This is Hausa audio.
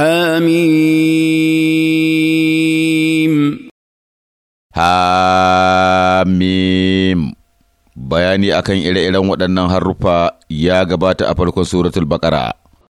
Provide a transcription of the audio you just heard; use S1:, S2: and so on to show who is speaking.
S1: hamim
S2: hamim bayani akan ire-iren waɗannan haruffa ya gabata a farkon suratul baqara